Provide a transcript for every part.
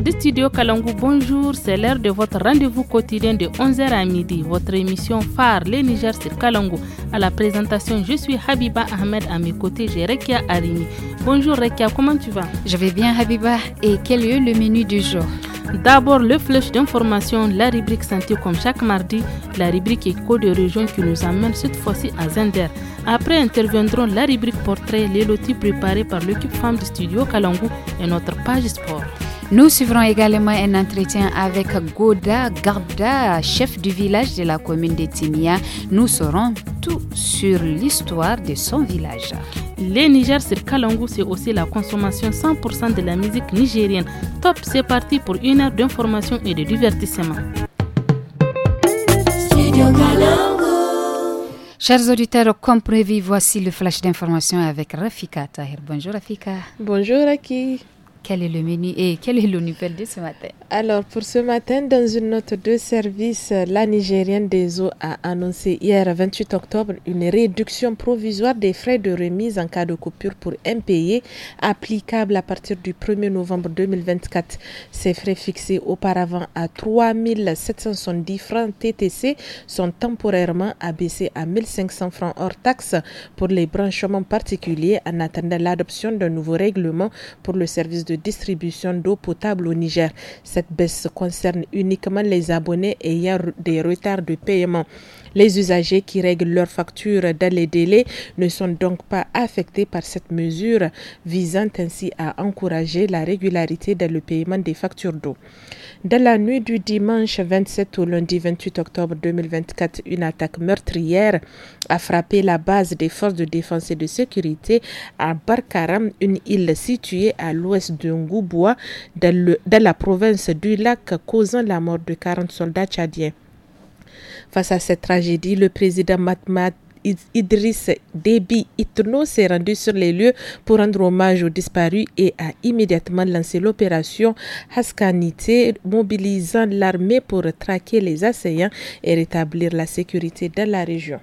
de Studio Kalangu. bonjour. C'est l'heure de votre rendez-vous quotidien de 11h à midi. Votre émission phare, les Niger sur Kalangu. À la présentation, je suis Habiba Ahmed. À mes côtés, j'ai Rekia Arimi. Bonjour Rekia, comment tu vas Je vais bien Habiba. Et quel est le menu du jour D'abord, le flush d'information, la rubrique santé comme chaque mardi, la rubrique écho de région qui nous amène cette fois-ci à Zender. Après interviendront la rubrique portrait, les lotis préparés par l'équipe femme du studio Kalangu et notre page sport. Nous suivrons également un entretien avec Goda Garda, chef du village de la commune de Timia. Nous saurons tout sur l'histoire de son village. Les Niger sur Kalango c'est aussi la consommation 100% de la musique nigérienne. Top, c'est parti pour une heure d'information et de divertissement. Chers auditeurs, comme prévu, voici le flash d'information avec Rafika Tahir. Bonjour Rafika. Bonjour Aki. Quel est le menu et quel est le niveau de ce matin Alors, pour ce matin, dans une note de service, la Nigérienne des eaux a annoncé hier 28 octobre une réduction provisoire des frais de remise en cas de coupure pour impayés applicable à partir du 1er novembre 2024. Ces frais fixés auparavant à 3 770 francs TTC sont temporairement abaissés à 1 500 francs hors taxe pour les branchements particuliers en attendant l'adoption d'un nouveau règlement pour le service de distribution d'eau potable au Niger. Cette baisse concerne uniquement les abonnés ayant des retards de paiement. Les usagers qui règlent leurs factures dans les délais ne sont donc pas affectés par cette mesure visant ainsi à encourager la régularité dans le paiement des factures d'eau. Dans la nuit du dimanche 27 au lundi 28 octobre 2024, une attaque meurtrière a frappé la base des forces de défense et de sécurité à Barkaram, une île située à l'ouest de dans, la province du lac causant la mort de 40 soldats tchadiens. Face à cette tragédie, le président Matmat Idriss Déby Itno s'est rendu sur les lieux pour rendre hommage aux disparus et a immédiatement lancé l'opération Haskanité, mobilisant l'armée pour traquer les assaillants et rétablir la sécurité dans la région.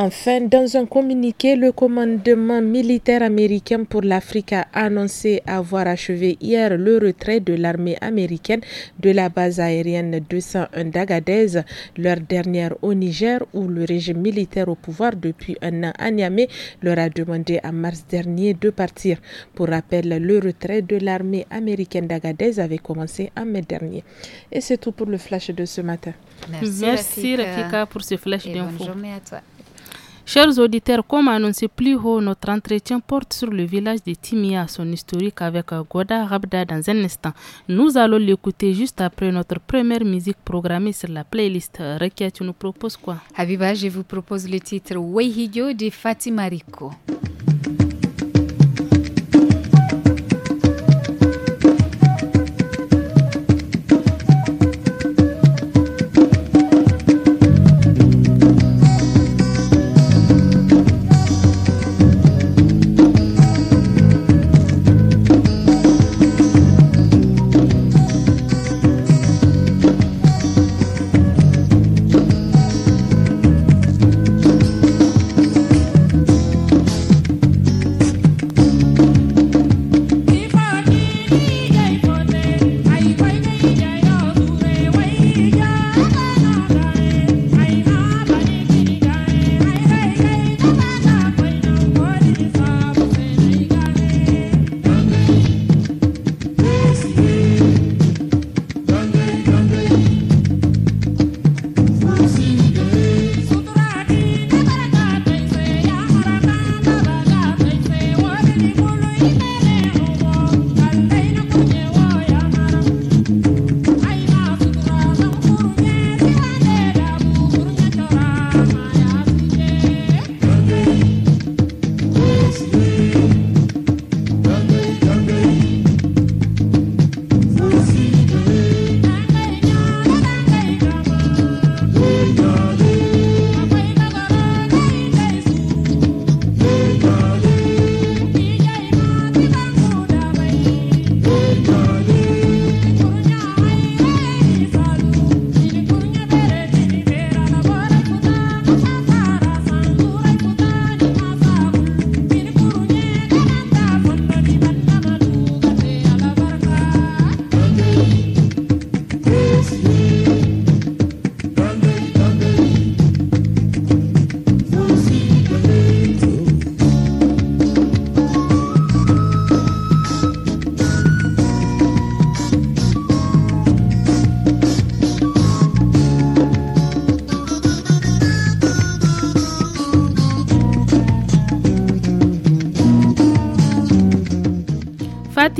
Enfin, dans un communiqué, le commandement militaire américain pour l'Afrique a annoncé avoir achevé hier le retrait de l'armée américaine de la base aérienne 201 d'Agadez, leur dernière au Niger où le régime militaire au pouvoir depuis un an à Niamey leur a demandé en mars dernier de partir. Pour rappel, le retrait de l'armée américaine d'Agadez avait commencé en mai dernier. Et c'est tout pour le flash de ce matin. Merci, pour ce flash d'info. journée à toi. Chers auditeurs, comme annoncé plus haut, notre entretien porte sur le village de Timia, son historique avec Goda Rabda dans un instant. Nous allons l'écouter juste après notre première musique programmée sur la playlist. Rekia, tu nous proposes quoi Habiba, je vous propose le titre Weihijo de Fatima Rico.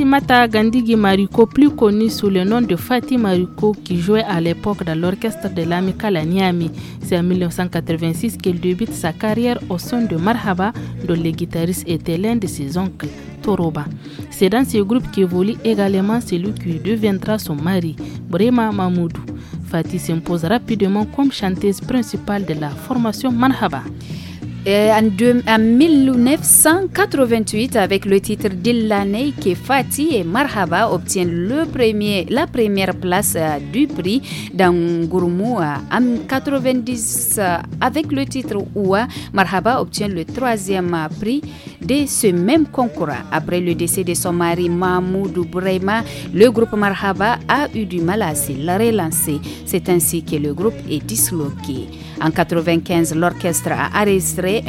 Mata Gandigi Mariko, plus connu sous le nom de Fatih Mariko, qui jouait à l'époque dans l'orchestre de l'Amical à C'est en 1986 qu'elle débute sa carrière au son de Marhaba, dont le guitariste était l'un de ses oncles, Toroba. C'est dans ce groupe qu'évolue également celui qui deviendra son mari, Brema Mamoudou. Fatih s'impose rapidement comme chanteuse principale de la formation Marhaba. Euh, en, 1988 avec le titre d'Illanei que Fatih et Marhaba obtient le premier, la première place euh, du prix dans Gourmou euh, en 90 avec le titre Oua. Marhaba obtient le troisième prix de ce même concours. Après le décès de son mari Mahmoud Brema le groupe Marhaba a eu du mal à se relancer. C'est ainsi que le groupe est disloqué. En 1995, l'orchestre a enregistré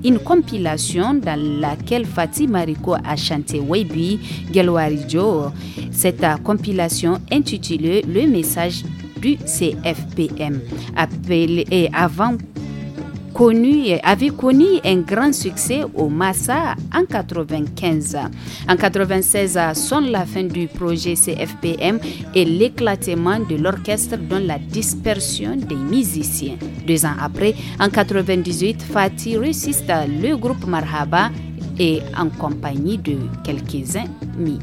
une compilation dans laquelle Fatih Mariko a chanté Weibi Gelwari Joe. Cette compilation intitulée Le message du CFPM, et avant connu, avait connu un grand succès au Massa en 95. En 96 sonne la fin du projet CFPM et l'éclatement de l'orchestre dans la dispersion des musiciens. Deux ans après, en 98, Fatih réussit le groupe Marhaba et en compagnie de quelques amis.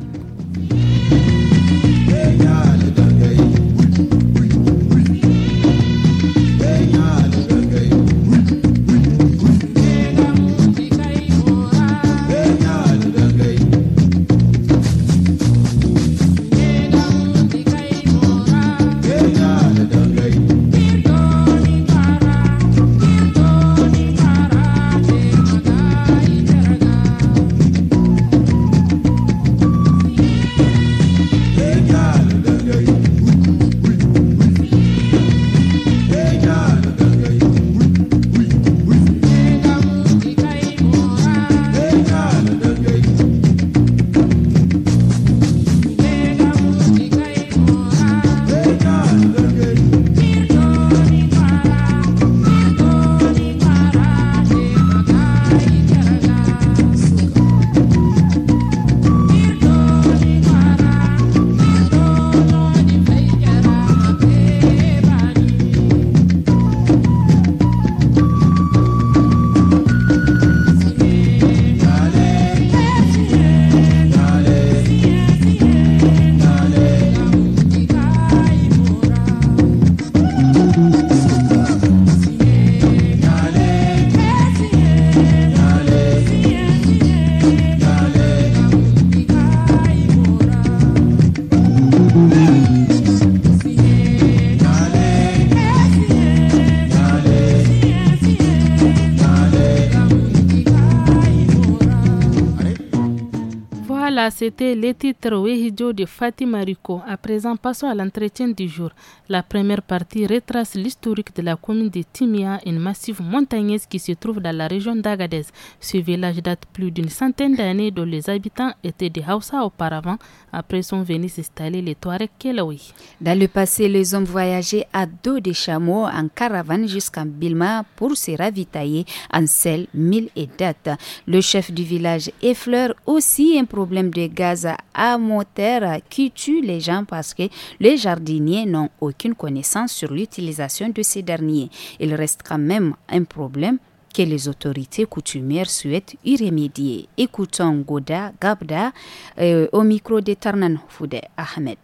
c'était les titres de Fatima Rico. À présent, passons à l'entretien du jour. La première partie retrace l'historique de la commune de Timia, une massive montagneuse qui se trouve dans la région d'Agadez. Ce village date plus d'une centaine d'années dont les habitants étaient des Hausa auparavant. Après sont venus s'installer les Touareg Keloui. Dans le passé, les hommes voyageaient à dos des chameaux en caravane jusqu'en Bilma pour se ravitailler en sel, mille et date. Le chef du village effleure aussi un problème de de gaz à moteur qui tue les gens parce que les jardiniers n'ont aucune connaissance sur l'utilisation de ces derniers. Il reste quand même un problème que les autorités coutumières souhaitent y remédier. Écoutons Goda Gabda euh, au micro de Tarnan Foudé Ahmed.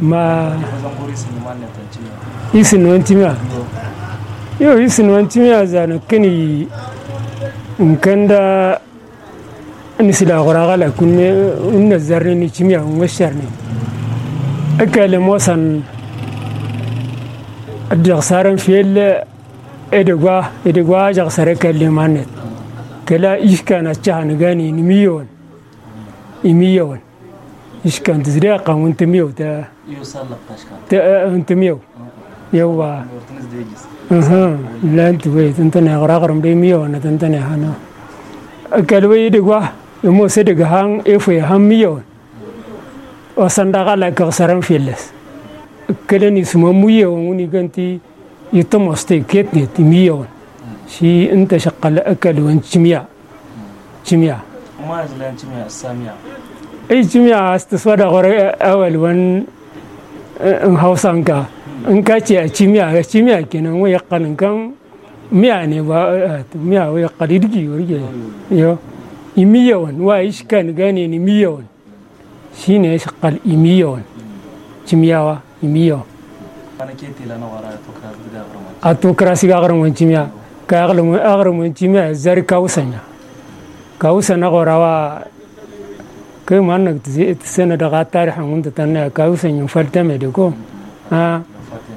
ma isin wantimia yo isin wantimia zano kani nkanda nisila qoraqala kunne unna zarni ni chimia unga sharni akale mosan adjaqsaran fiel edegwa edegwa jaqsare kale manet kala ishkana chahan gani ni miyon imiyon ishkan tizriqa wanta miyo ta تميو آه، يوا اها لا انت ويت انت نه غرغر مدي ميو انا انت نه انا كلوي دغوا يمو سدغ هان افي هان ميو وسندغ لا كسرن فيلس كلني سمو ميو وني كنتي يتمستي كيتني ميو شي انت شق الاكل وانت جميع جميع ما زلان إيه، جميع الساميه اي جميع استصدق اول وان in hausanka in ka ce a ci miya a ci miya kenan wai kanin kan miya ne ba miya wai kadirgi warge yo imiyawan wa yi kan gane ni miyawan shi ne ya shakal imiyawan cimiyawa imiyawan a to krasi ga garin wanci miya ka garin wanci miya zar kawusanya kawusan kai ma na sene da gatar hangun ta tanne ka usen yin fatta me de ko ha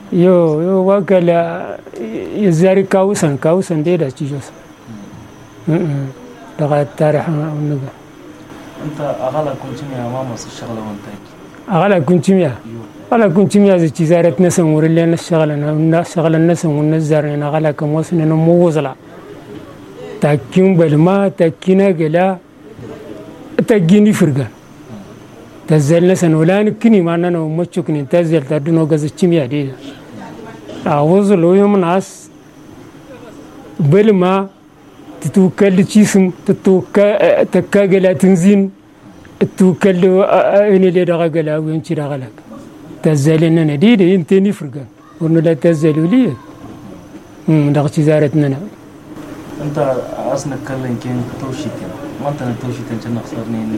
كاوس yo wakala yuzari ka usen ka usen de da ci jos da gatar hangun ga انت اغلى كنتميا ماما الشغله وانتك اغلى كنتميا اغلى كنتميا زي تزارة ناس ورلي انا الشغله انا الشغله نسن ونزار انا اغلى كم انا مو وزلا بالما تاكينا قلا تجيني فرقة تزل لسان ولا نكني ما أنا ومشكني تزل تدنو جزتشم يا دي يعني. أعوز لو يوم ناس بل ما تتوكل تشيسم تتوكل تكاجل تنزين تتوكل أنا اللي دغلا وين شي دغلا تزل أنا دي دي ينتني فرقة لا تزلوا لي دغتي زارتنا أنت أصلا كلن كين توشيك wanta taushiten cin naksarnin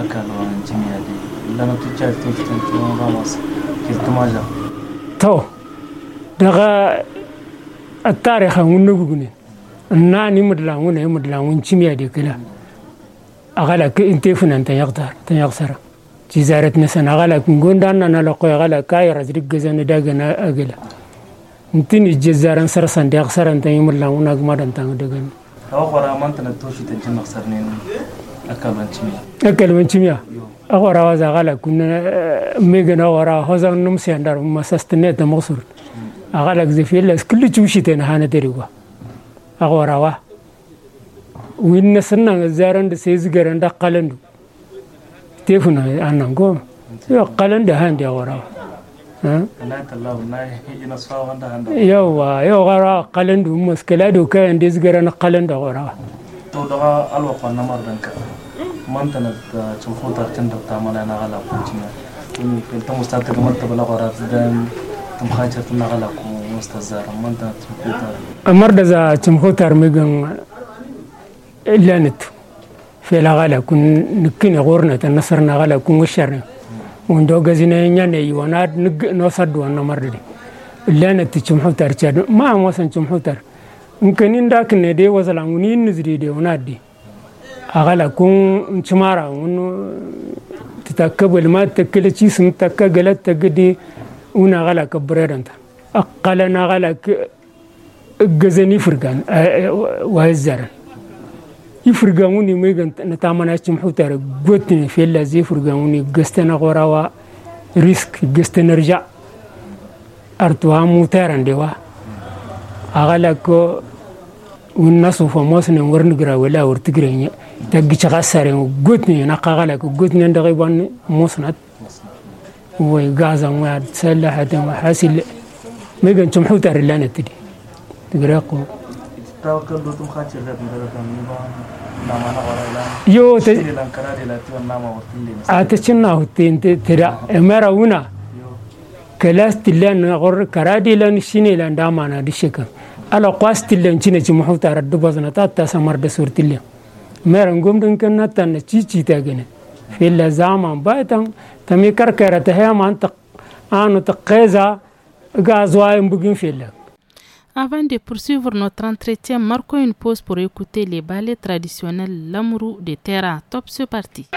akalwan jimiya da lana tucca taushiten cin ramas kirtumaja to daga attare han wunna gugunin na ni mudlan wuna ya mudlan wun jimiya da kila agala ke inte funan tan yaqtar tan yaqsara ci zaret nasan agala kun gonda nan ala ko agala kay razrik gazan daga na agala ntini jezaran sarsan da yaqsaran tan yumudlan wuna gumadan tan daga awaqora maantana tooshitan jin maqsarneen akka banchimiya akka banchimiya awara waza gala kunna megan awara hozan num si andar masastne ta maqsur agala gzefiyel kullu chushiten hana teriwa awara wa winnesna zarand sezgaran da qalandu tefuna anan go yo qalandu handi awara wa yawwa yau gara qalandu maskala doka indes garan qalanda gara to daga alwa qanna mardanka mantana ta chulfu ta cin da ta mala na ala kucina in ta mustata ga matta bala gara dan tum khajar tun ala ku mustazar mantana chulfu ta amar da za chulfu ta migan lanat fi la gala kun nikkin gorna ta nasarna gala kun washarna wando gazinayanya ne yonad nig no sadwan no mardi illan atchum hutar chad ma wasan chum hutar nkanin dak ne de wasalan ni nizri de onadi agala kun chumara un titakkabul ma takkilici sun takka galat tagdi una gala kabredanta aqalana gala gazani furgan wazzaran يفرقوني ميغن نتامنا اشتم حوتار قوتني في الله زي يفرقوني قستنا غراوا ريسك قستنا رجع أرتوها موتارا ديوا أغلقو والناس فموسنا ورنقرا ولا ورتقرين تقيش غسرين قوتني نقا غلق قوتني عند غيبان موسنا ويقازا ويتسلحة وحاسل ميغن اللي انا تدي تقرأ Tawakal dutum khachir da bidara kamni ba nama na waraila. Yo te. Sri Lanka da lati wa nama wurtin din. A ta cinna hutin te tira emara una. Kelas tilan na gor karadilan shinilan dama na dishika. Ala qas tilan cine ci muhuta raddu bazna ta ta samar da sur tilan. Meran gumdin kan ta na cici ta gane. Filla zaman baitan ta mi karkara ta hayama an ta anu ta qeza ga zuwa yin bugin filla. Avant de poursuivre notre entretien, marquons une pause pour écouter les ballets traditionnels L'amourou de Terra. Top ce parti.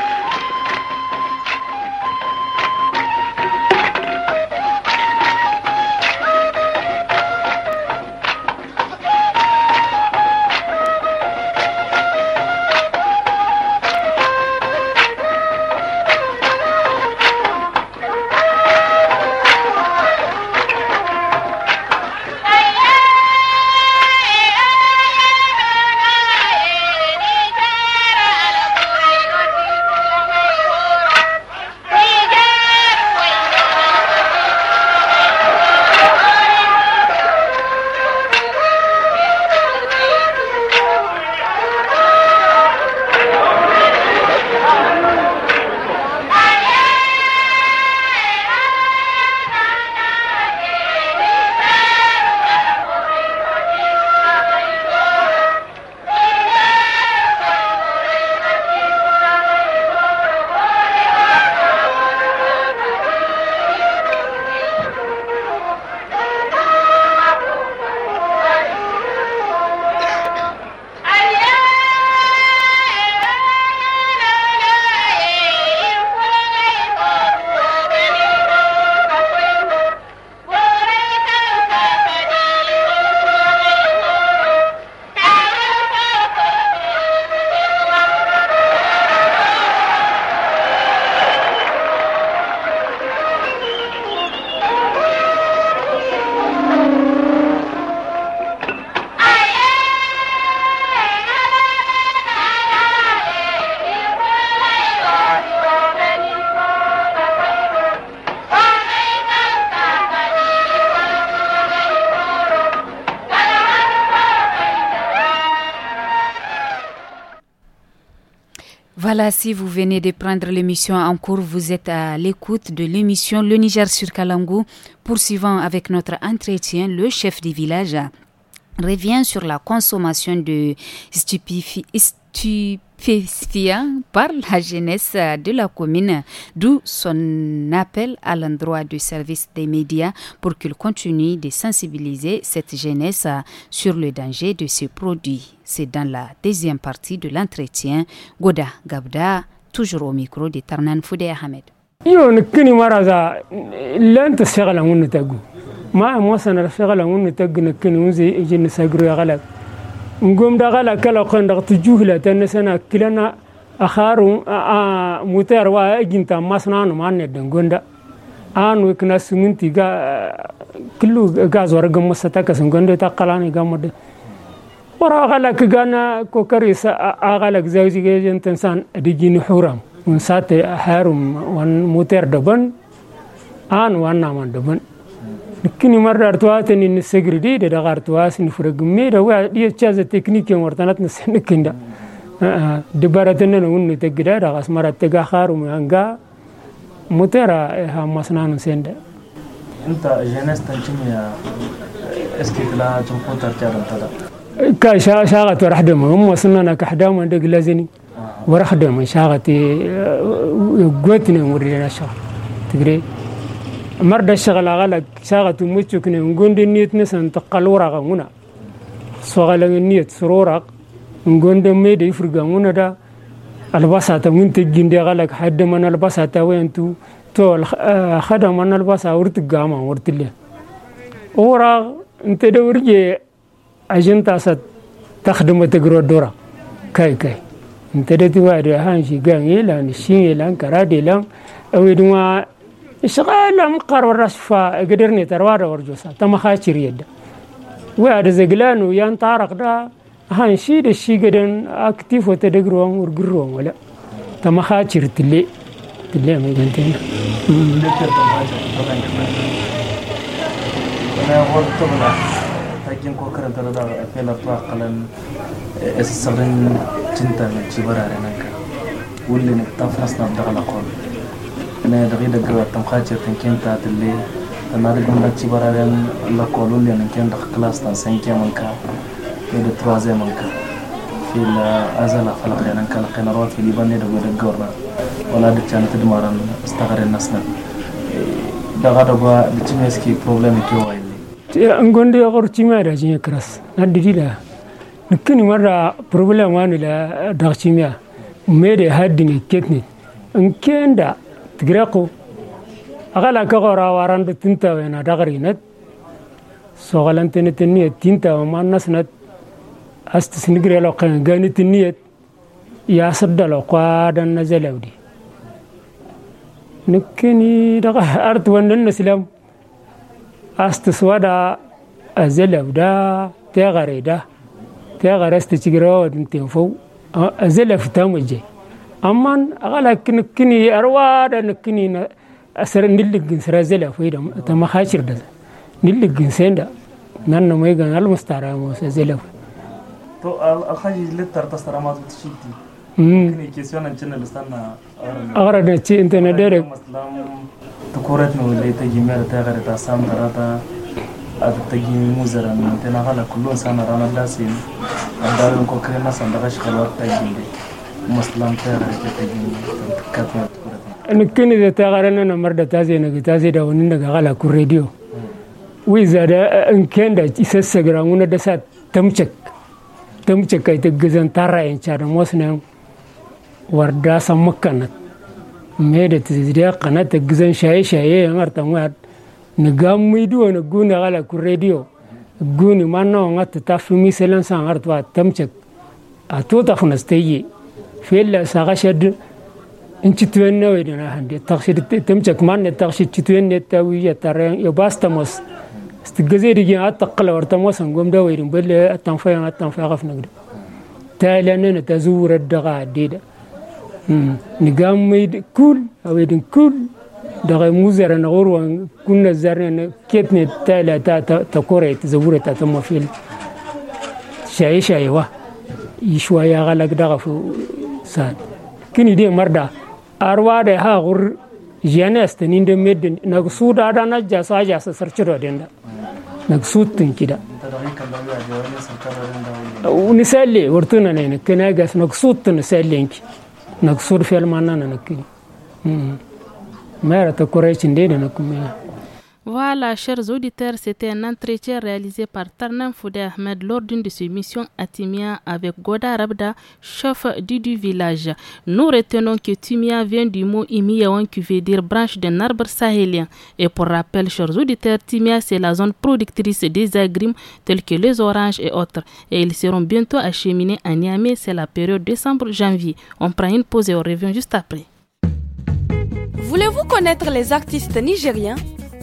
si vous venez de prendre l'émission en cours, vous êtes à l'écoute de l'émission Le Niger sur Kalangou, poursuivant avec notre entretien le chef du village revient sur la consommation de stupéfiants tu fais par la jeunesse de la commune, d'où son appel à l'endroit du service des médias pour qu'il continue de sensibiliser cette jeunesse sur le danger de ce produits. C'est dans la deuxième partie de l'entretien. Goda Gabda, toujours au micro de Tarnan Foudé Ahmed. ngom dagala kala qandaqti juhla tanasana kilana akharu a muter wa ajinta masnanu manne dangonda anu ikna suminti ga kullu gaz war gamasata kasan gonda ta qalani gamode wara gala kgana ko karisa agala gzawji gejen tansan digin huram un sate harum wan mutar daban an wan naman daban لكن مرة أرتوات إن السجر دي ده دغار تواس إن فرق ميدا هو دي أشياء تكنيك يوم ورتنات نسنك إندا دبارتنا نون نتجدا دغاس مرة تجاخر ومعنقا مترا هم مسنان سندا أنت جنس تنتمي استقلال تنقل ترتيب تدا كاشا شاغت ورحدم هم وصلنا كحدام عندك لازني ورحدم شاغت قوتنا مرينا شاغ تقري مرد الشغل غلق شاغة متشكني نقول النيت نسن تقل ورقة هنا شغل النيت سرورق نقول ميد يفرق هنا دا البساطة من تجين دي غلق حد من البساطة وين تو تو آه، خدم من البساطة ورت قاما ورت لي ورق انت دورجي أجنتا ست تخدم تقرو دورا كاي كاي انت دتي واري هانشي قان يلان الشين يلان كرادي لان أوي دوا إسرائيل مقر وراس فا قدرني تروارا ورجوسا تما خاشر يدا وعد زغلانو يان طارق دا هان شي دا شي قدن اكتيف وتدقروهم ورقروهم ولا تما خاشر تلي تلي ما يقنتين تجين كوكرن تلدا فيلا طاقلن السرن إيه، جنتا من جبرا رنانكا واللي نتطفرس نبدأ نعم على قول ina da da ga tam khache tan ken ta tille na da gum lati bararen la ko lul yan ken da class tan sen ken man ka ne da troisième man ka fil azala fala kan kan kan ro fi liban ne da go da gorna wala da chan ta dumaran stagare nasna da ga da ba da chimeski problem ke wai tira an gonde ya kor chimera da jinya kras na didila nikini mara problem wani la da chimya me da haddini ketni in kenda تقرأكو أقلا كغورا واران تنتا وينا دغرينت سوغلان تنت النية تنتا وما نسنت أستس نقرأ لو قن قانت النية يا سدلو قادا نزلو دي نكني دغه أرت ونن سلام أستس ودا أزلو دا تغري دا تغري أستس أمان أغلى كنكني أرواد نكني أسر نلقن سرازلا فيدا تمخاشر دز نلقن سيندا نحن ما يجان المستعار زلة تو الخاجي لتر تسترامات تشيدي كني كيسيون أنتنا لستنا أغرد نتشي أنتنا ديرك تكورت نولي تجمير تغير تسام دراتا أتتجمي موزرا أنتنا غلا كلون سنة رانا لاسين أدارن كوكرينا سندغش خلوات تجمير nkini de tagarana na marda taze na gitaze da wani daga gala ku radio wiza da nken da isassa gira nguna da sa tamcek tamcek kai ta gizan tara yan cha da mosna warda san makana me da tizidiya kana ta gizan shaye shaye yan artan wa na gammi duwa na guna gala ku radio guni manna wa ngata ta fumi selan san artwa tamcek a tota khunasteye فيلا ساغشد إن تتوين تتوينا ويدنا هندي تغشد تمشك مان تغشد تتوين نتاوي ترين يباس تموس استجزير جين أتقل ورتموس نقوم دا ويدن بل التنفيع التنفيع غف نقد نن تزور الدغا ديدا نقام ميد كل ويدن كل دغا موزر نغور وان كنا زرنا كيتني تايلا تا تكوري تزور تا تمفيل شاي شاي وا يشوى يا غلق دغه san kini de marda arwade ha gur jenest ni de med nag su da da na ja sa ja sa sarci do denda nag su tin kida uni selle wurtuna ne kana gas nag su tin sellenki nag sur fel manana nakini mera ta kurai cinde da nakumena Voilà, chers auditeurs, c'était un entretien réalisé par Tarnam Foudé Ahmed lors d'une de ses missions à Timia avec Goda Rabda, chef du, village. Nous retenons que Timia vient du mot Imiyawan qui veut dire branche d'un arbre sahélien. Et pour rappel, chers auditeurs, Timia, c'est la zone productrice des agrimes tels que les oranges et autres. Et ils seront bientôt acheminés à Niamey, c'est la période décembre-janvier. On prend une pause et on revient juste après. Voulez-vous connaître les artistes nigériens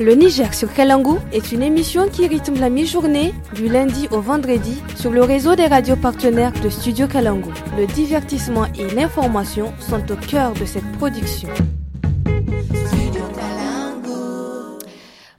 Le Niger sur Kalangu est une émission qui rythme la mi-journée du lundi au vendredi sur le réseau des radios partenaires de Studio Kalangu. Le divertissement et l'information sont au cœur de cette production.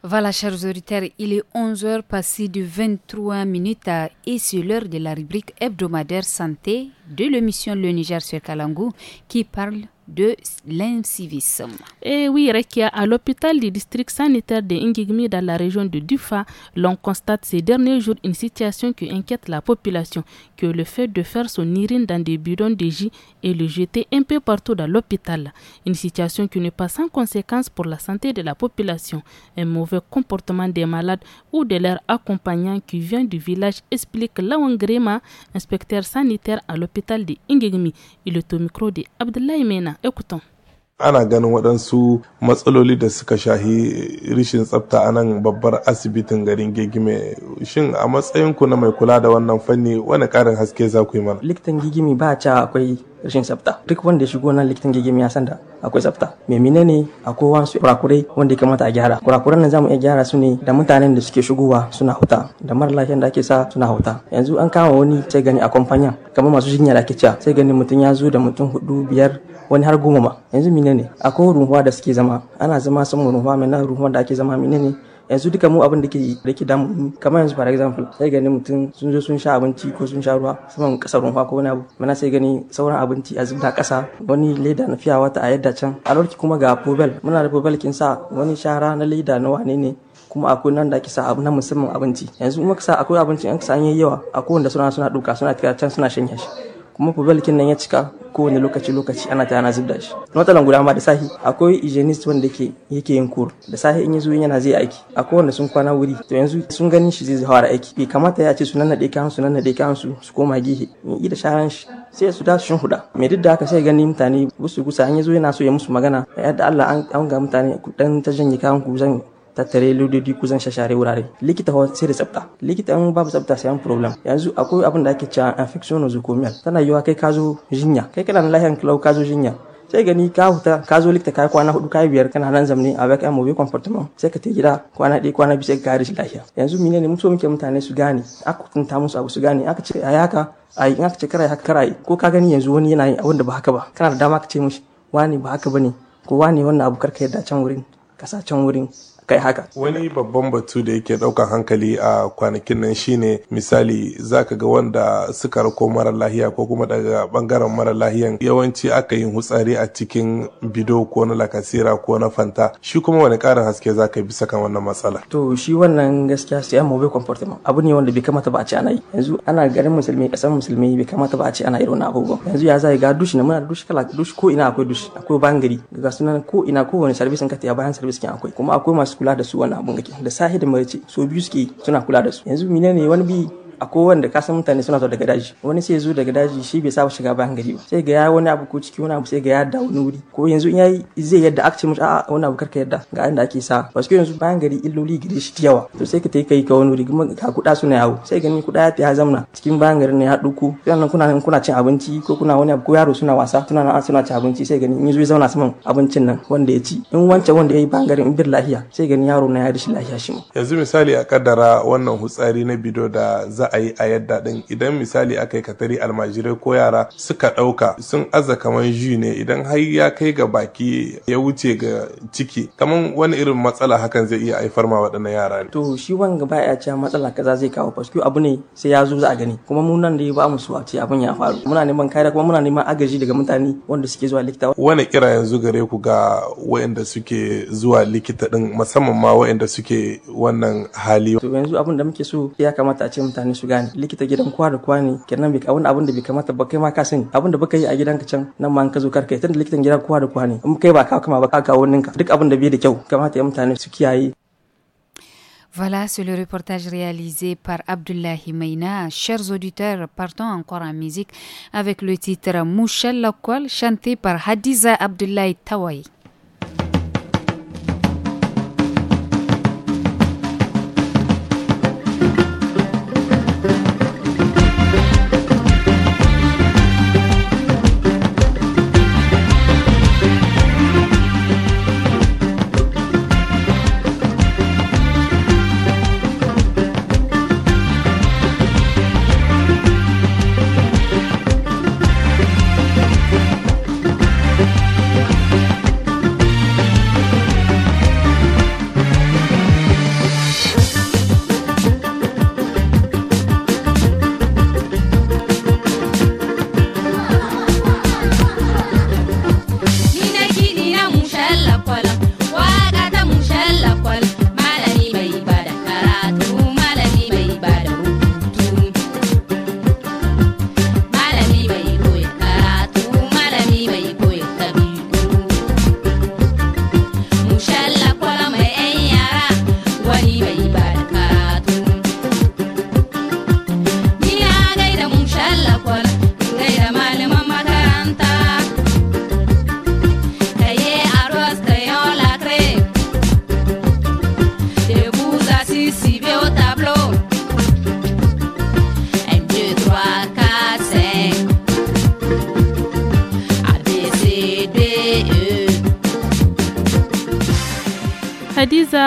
Voilà, chers auditeurs, il est 11h passé de 23 minutes à, et c'est l'heure de la rubrique hebdomadaire santé de l'émission Le Niger sur Kalangu qui parle de l'incivisme. Et oui, Rekia, à l'hôpital du district sanitaire de Ngigmi dans la région de Dufa, l'on constate ces derniers jours une situation qui inquiète la population, que le fait de faire son urine dans des bidons de et le jeter un peu partout dans l'hôpital. Une situation qui n'est pas sans conséquence pour la santé de la population. Un mauvais comportement des malades ou de leurs accompagnants qui vient du village explique Lawangrema, inspecteur sanitaire à l'hôpital de Ingegmi. Et le au micro de Abdullah Mena. Écoutons. ana ganin waɗansu matsaloli da suka shahi rishin tsafta a nan babbar asibitin garin gigime shin a matsayinku na mai kula da wannan fanni wani ƙarin haske za ku yi mana likitan gigimi ba ca akwai rashin tsafta duk wanda ya shigo nan likitan gigimi ya san da akwai tsafta me a akwai wasu kurakurai wanda ya kamata a gyara kurakuran nan zamu iya gyara su ne da mutanen da suke shigowa suna huta da mara lafiyan da ake sa suna huta yanzu an kama wani sai gani a kamfanya kamar masu jinya da ake cewa sai gani mutum ya zo da mutum hudu biyar wani har goma ba yanzu mine ne akwai runhuwa da suke zama ana zama sun rumfa mai na rumfa da ake zama mine ne yanzu duka mu abin da ke da ke damu kamar yanzu for example sai gani mutum sun zo sun sha abinci ko sun sha ruwa saman kasar ruwa ko wani abu mana sai gani sauran abinci a zubda kasa wani leda na fiya wata a yadda can a lokaci kuma ga pobel muna da pobel kin sa wani shara na leda na wane ne kuma akwai nan da ake sa abu na musamman abinci yanzu kuma ka sa akwai abinci an ka sa an yi yawa akwai wanda suna suna duka suna tira can suna shanya shi kuma pubalkin nan ya cika kowane lokaci lokaci ana ta ana da shi matsalan guda ma da sahi akwai hygienist wanda ke yake yin kur da sahi in yazo yana zai aiki akwai wanda sun kwana wuri to yanzu sun gani shi zai fara aiki bai kamata ya ce su nannade kan su nannade kan su su koma gihe in da sharan shi sai su tashi shin huda me duk da haka sai gani mutane busu gusa an yazo yana so ya musu magana a yadda Allah an ga mutane dan ta janye kan ku zan tattare ludodi kusan shashare wurare likita sai da tsafta likita in babu tsafta sai an problem yanzu akwai abin da ake cewa infection nosocomial tana yiwa kai ka zo jinya kai kana lahiyan kalau ka zo jinya sai gani ka huta ka zo likita ka kwana hudu kai biyar kana nan zamne a back mobile comfortable sai ka ta gida kwana ɗaya kwana biyu sai ka gari shi lafiya yanzu mine ne mutu muke mutane su gane aka tunta musu abu su gane aka ce ayi haka ayi aka ce karai haka karai ko ka gani yanzu wani yana yin abin da ba haka ba kana da dama ka ce mishi wani ba haka bane ko wani wannan abu karka yadda can wurin kasa can wurin kai haka wani babban batu da yake daukan hankali a kwanakin nan shine misali zaka ga wanda suka rako mara lahiya ko kuma daga bangaren mara lahiyan yawanci aka yi hutsari a cikin bido ko na lakasira ko na fanta shi kuma wani karin haske zaka yi bisa kan wannan matsala to shi wannan gaskiya sai an mobe comfortable abu ne wanda bai kamata ba a ce ana yi yanzu ana garin musulmi kasar musulmi bai kamata ba a ce ana irin wannan abubuwan yanzu ya zai ga dushi na muna dushi kala dushi ko ina akwai dushi akwai bangari ga sunan ko ina kowane service ka ta bayan service kin akwai kuma akwai masu kula da su wani abun gake da sahi da mace so biyu suke suna kula da su yanzu mine ne wani bi akwai wanda kasan mutane suna zuwa daga daji wani sai zo daga daji shi bai saba shiga bayan gari ba sai ga ya wani abu ko ciki wani abu sai ga ya da wani wuri ko yanzu in yayi zai yadda aka ce mishi a'a wani abu karka yadda ga inda ake sa ba su yanzu bayan gari illoli gidi shi yawa to sai ka tai kai ka wani wuri kuma ka kuɗa suna yawo sai gani kuɗa ya fi ya zamna cikin bayan garin ne ya ɗuku sai kuna nan kuna cin abinci ko kuna wani abu ko yaro suna wasa suna nan suna cin abinci sai gani in yanzu ya zauna saman abincin nan wanda ya ci in wancan wanda yayi bayan garin in bir lafiya sai gani yaro na ya dashi lafiya shi yanzu misali a kaddara wannan hutsari na bido da za a yi a yadda din idan misali aka yi katari almajirai ko yara suka ɗauka sun aza kamar ju ne idan har ya kai ga baki ya wuce ga ciki kaman wani irin matsala hakan zai iya haifar ma waɗannan yara ne. to shi wanga ya cewa matsala kaza zai kawo fasku abu ne sai ya zo za a gani kuma mun nan da ba mu su a ce abin ya faru muna neman kariya kuma muna neman agaji daga mutane wanda suke zuwa likita. wani kira yanzu gare ku ga waɗanda suke zuwa likita din musamman ma waɗanda suke wannan hali. to yanzu abin da muke so ya kamata a ce mutane su gane likita gidan kowa da ne kenan bai wani abin da bai kamata ba kai ma ka sani abin da baka yi a ka can nan ma ka zo karka tunda likitan gidan kai ba ka kama ba ka duk abin da bai da kyau kamata ya mutane su kiyaye Voilà, c'est le reportage réalisé par Abdullah Meina. Chers auditeurs, partons encore en musique avec le titre Mouchel Lokol, chanté par Hadiza Abdullah Tawai.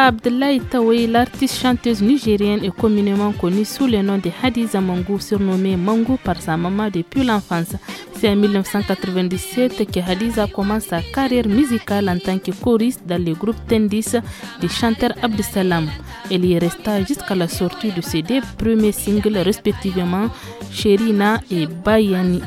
Abdullah Itawe, l'artiste chanteuse nigérienne, est communément connue sous le nom de Hadiza Mangou, surnommée Mangou par sa maman depuis l'enfance. C'est en 1997 que Hadiza commence sa carrière musicale en tant que choriste dans le groupe Tendis chanteurs chanteur Salam. Elle y resta jusqu'à la sortie de ses deux premiers singles respectivement, Sherina et Bayani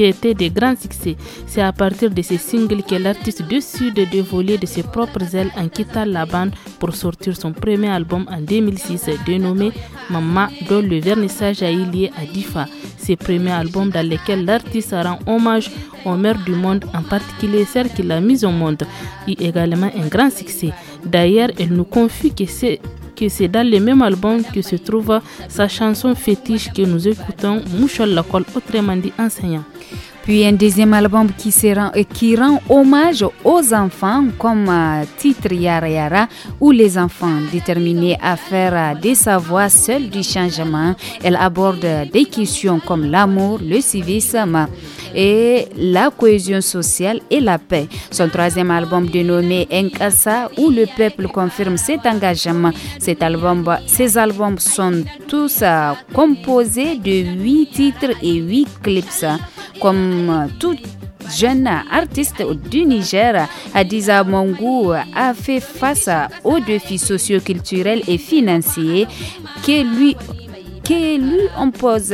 qui des grands succès. C'est à partir de ces singles que l'artiste décide de voler de ses propres ailes en quittant la bande pour sortir son premier album en 2006 dénommé Mama dont le vernissage a eu lieu à Difa. Ses premier album dans lequel l'artiste rend hommage aux mères du monde, en particulier celle qu'il a mise au monde, et également un grand succès. D'ailleurs, elle nous confie que c'est que c'est dans le même album que se trouve sa chanson fétiche que nous écoutons, Mouchol Lacol, autrement dit enseignant. Puis un deuxième album qui, rend, euh, qui rend hommage aux enfants comme euh, titre Yara Yara où les enfants déterminés à faire euh, de des voix seuls du changement, elle aborde des questions comme l'amour, le civisme et la cohésion sociale et la paix. Son troisième album dénommé Enkasa où le peuple confirme cet engagement. ces albums sont tous composés de huit titres et huit clips comme Hum, tout jeune artiste du Niger, Adiza Mongou, a fait face aux défis socioculturels et financiers que lui, que lui impose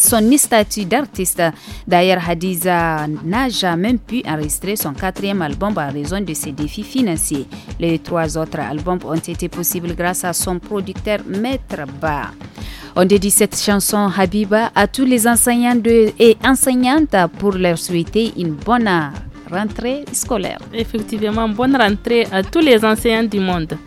son statut d'artiste. D'ailleurs, Hadiza n'a jamais pu enregistrer son quatrième album à raison de ses défis financiers. Les trois autres albums ont été possibles grâce à son producteur Maître Ba. On dédie cette chanson Habiba à tous les enseignants et enseignantes pour leur souhaiter une bonne rentrée scolaire. Effectivement, bonne rentrée à tous les enseignants du monde.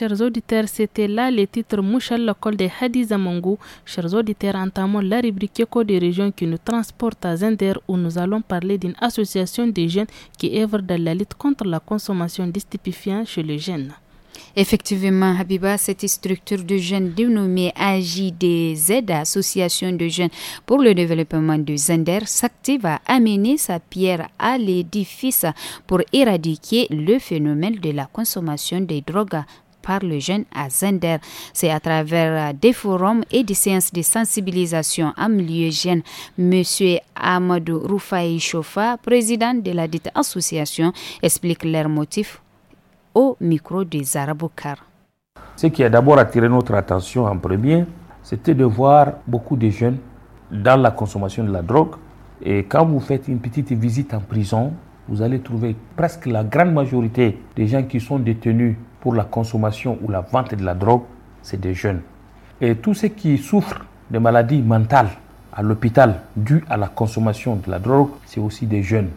chers auditeurs, c'était là le titres Mouchal l'école de Hadiza Mangou. Chers auditeurs, entamons la rubrique Eco des régions qui nous transporte à Zender où nous allons parler d'une association de jeunes qui œuvre dans la lutte contre la consommation des chez les jeunes. Effectivement, Habiba, cette structure de jeunes dénommée AJDZ, Association de jeunes pour le développement de Zender, s'active à amener sa pierre à l'édifice pour éradiquer le phénomène de la consommation des drogues par le jeune à Zender. C'est à travers euh, des forums et des séances de sensibilisation en milieu jeune. Monsieur Amadou Roufaï Chofa, président de la dite association, explique leurs motifs au micro des Araboukar. Ce qui a d'abord attiré notre attention en premier, c'était de voir beaucoup de jeunes dans la consommation de la drogue. Et quand vous faites une petite visite en prison, vous allez trouver presque la grande majorité des gens qui sont détenus pour la consommation ou la vente de la drogue, c'est des jeunes. Et tous ceux qui souffrent de maladies mentales à l'hôpital dues à la consommation de la drogue, c'est aussi des jeunes.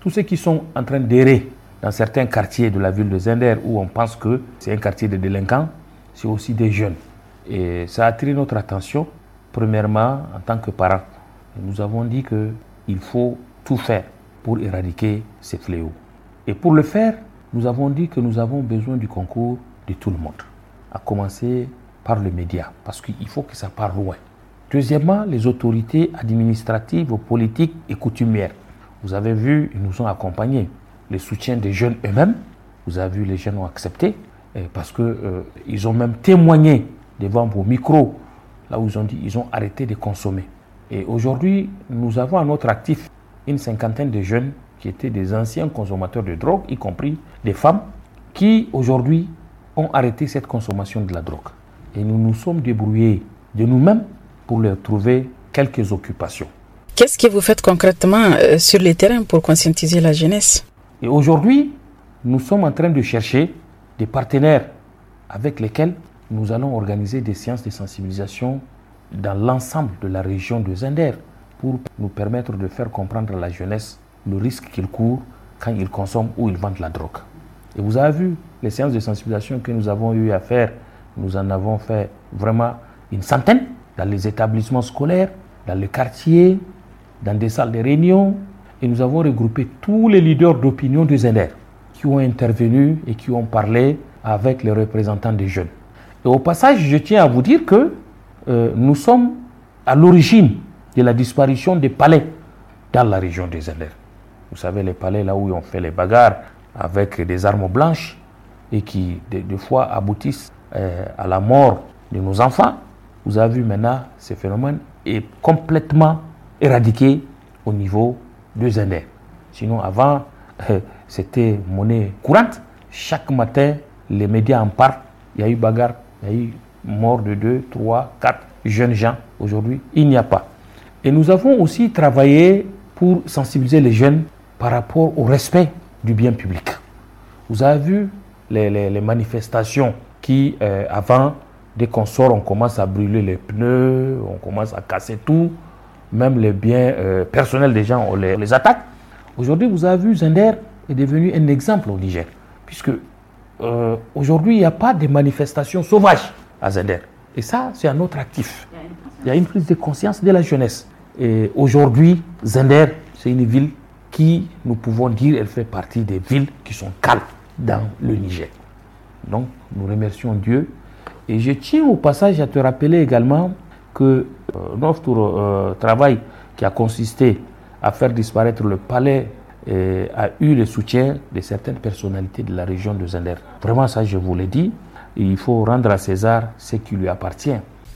Tous ceux qui sont en train d'errer dans certains quartiers de la ville de Zender où on pense que c'est un quartier de délinquants, c'est aussi des jeunes. Et ça a attiré notre attention, premièrement en tant que parents. Nous avons dit qu'il faut tout faire pour éradiquer ces fléaux. Et pour le faire, nous avons dit que nous avons besoin du concours de tout le monde, à commencer par les médias, parce qu'il faut que ça parte loin. Deuxièmement, les autorités administratives, politiques et coutumières. Vous avez vu, ils nous ont accompagnés. Le soutien des jeunes eux-mêmes, vous avez vu, les jeunes ont accepté, eh, parce qu'ils euh, ils ont même témoigné devant vos micros, là où ils ont dit, ils ont arrêté de consommer. Et aujourd'hui, nous avons à notre actif une cinquantaine de jeunes qui étaient des anciens consommateurs de drogue, y compris des femmes, qui aujourd'hui ont arrêté cette consommation de la drogue. Et nous nous sommes débrouillés de nous-mêmes pour leur trouver quelques occupations. Qu'est-ce que vous faites concrètement euh, sur les terrains pour conscientiser la jeunesse Et aujourd'hui, nous sommes en train de chercher des partenaires avec lesquels nous allons organiser des séances de sensibilisation dans l'ensemble de la région de Zender pour nous permettre de faire comprendre à la jeunesse le risque qu'ils courent quand ils consomment ou ils vendent la drogue. Et vous avez vu les séances de sensibilisation que nous avons eu à faire. Nous en avons fait vraiment une centaine dans les établissements scolaires, dans les quartiers, dans des salles de réunion. Et nous avons regroupé tous les leaders d'opinion du ZNR qui ont intervenu et qui ont parlé avec les représentants des jeunes. Et au passage, je tiens à vous dire que euh, nous sommes à l'origine de la disparition des palais dans la région des ZNR vous savez, les palais là où on fait les bagarres avec des armes blanches et qui, des, fois, aboutissent euh, à la mort de nos enfants. Vous avez vu maintenant ce phénomène est complètement éradiqué au niveau de Zender. Sinon, avant, euh, c'était monnaie courante. Chaque matin, les médias en parlent. Il y a eu bagarre, il y a eu mort de 2, 3, 4 jeunes gens. Aujourd'hui, il n'y a pas. Et nous avons aussi travaillé pour sensibiliser les jeunes par rapport au respect du bien public. Vous avez vu les, manifestations qui, euh, avant, dès qu'on sort, on commence à brûler les pneus, on commence à casser tout, même les biens euh, personnels des gens, on les, attaque. Aujourd'hui, vous avez vu, Zender est devenu un exemple au Niger, puisque euh, aujourd'hui, il n'y a pas de manifestations sauvages à Zender. Et ça, c'est un autre actif. Il y a une prise de conscience de la jeunesse. Et aujourd'hui, Zender, c'est une ville qui, nous pouvons dire, elle fait partie des villes qui sont calmes dans le Niger. Donc, nous remercions Dieu. Et je tiens au passage à te rappeler également que euh, notre euh, travail qui a consisté à faire disparaître le palais euh, a eu le soutien de certaines personnalités de la région de Zender. Vraiment, ça, je vous l'ai dit, il faut rendre à César ce qui lui appartient.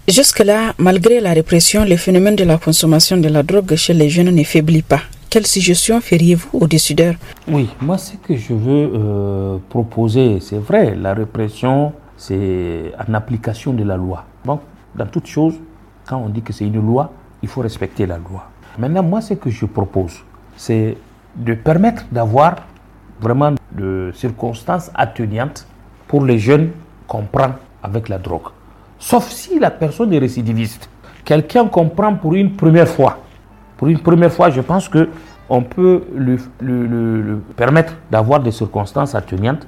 Jusque-là, malgré la répression, le phénomène de la consommation de la drogue chez les jeunes ne faiblit pas. Quelle suggestion feriez-vous aux décideurs Oui, moi ce que je veux euh, proposer, c'est vrai, la répression, c'est en application de la loi. Donc, dans toute chose, quand on dit que c'est une loi, il faut respecter la loi. Maintenant, moi ce que je propose, c'est de permettre d'avoir vraiment de circonstances attenuantes pour les jeunes qu'on prend avec la drogue. Sauf si la personne est récidiviste. Quelqu'un comprend pour une première fois, pour une première fois, je pense que on peut lui, permettre d'avoir des circonstances attenantes,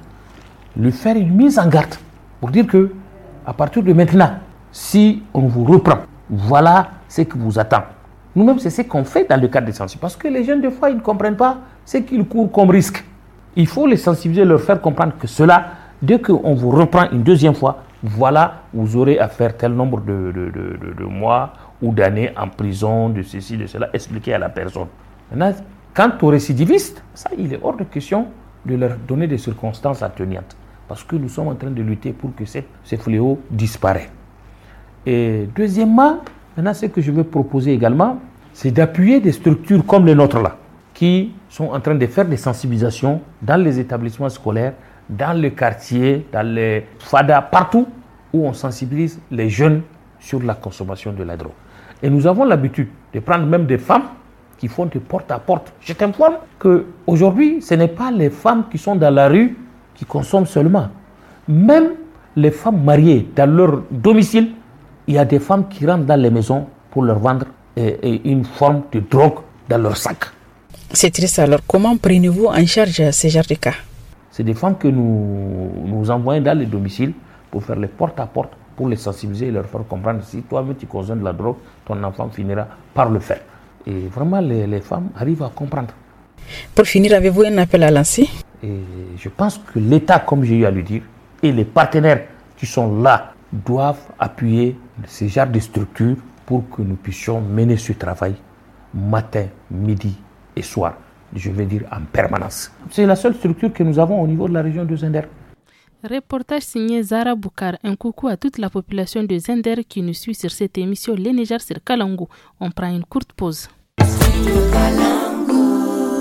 lui faire une mise en garde pour dire que à partir de maintenant, si on vous reprend, voilà ce qui vous attend. Nous-mêmes, c'est ce qu'on fait dans le cadre des sensibilisations. Parce que les jeunes, des fois, ils ne comprennent pas ce qu'ils courent comme risque. Il faut les sensibiliser, leur faire comprendre que cela, dès qu'on vous reprend une deuxième fois, voilà, vous aurez à faire tel nombre de mois, ou d'années en prison, de ceci, de cela, expliquer à la personne. Maintenant, quant aux récidivistes, ça, il est hors de question de leur donner des circonstances atténuantes. Parce que nous sommes en train de lutter pour que ces, fléaux disparaissent. Et deuxièmement, maintenant, ce que je veux proposer également, c'est d'appuyer des structures comme les nôtres là, qui sont en train de faire des sensibilisations dans les établissements scolaires, dans les quartier, dans les fadas, partout où on sensibilise les jeunes sur la consommation de la drogue. Et nous avons l'habitude de prendre même des femmes qui font des porte à porte. Je t'informe qu'aujourd'hui, ce n'est pas les femmes qui sont dans la rue qui consomment seulement. Même les femmes mariées dans leur domicile, il y a des femmes qui rentrent dans les maisons pour leur vendre une forme de drogue dans leur sac. C'est triste alors. Comment prenez-vous en charge ces genres de cas C'est des femmes que nous, nous envoyons dans les domiciles pour faire les porte à porte pour les sensibiliser et leur faire comprendre si toi-même tu consommes de la drogue, ton enfant finira par le faire. Et vraiment, les, femmes arrivent à comprendre. Pour finir, avez-vous un appel à lancer Je pense que l'État, comme j'ai eu à le dire, et les partenaires qui sont là doivent appuyer ces genre de structure pour que nous puissions mener ce travail matin, midi et soir, je veux dire en permanence. C'est la seule structure que nous avons au niveau de la région de Zender. Reportage signé Zara Boukar. Un coucou à toute la population de Zender qui nous suit sur cette émission Lénéjar sur Kalangou. On prend une courte pause.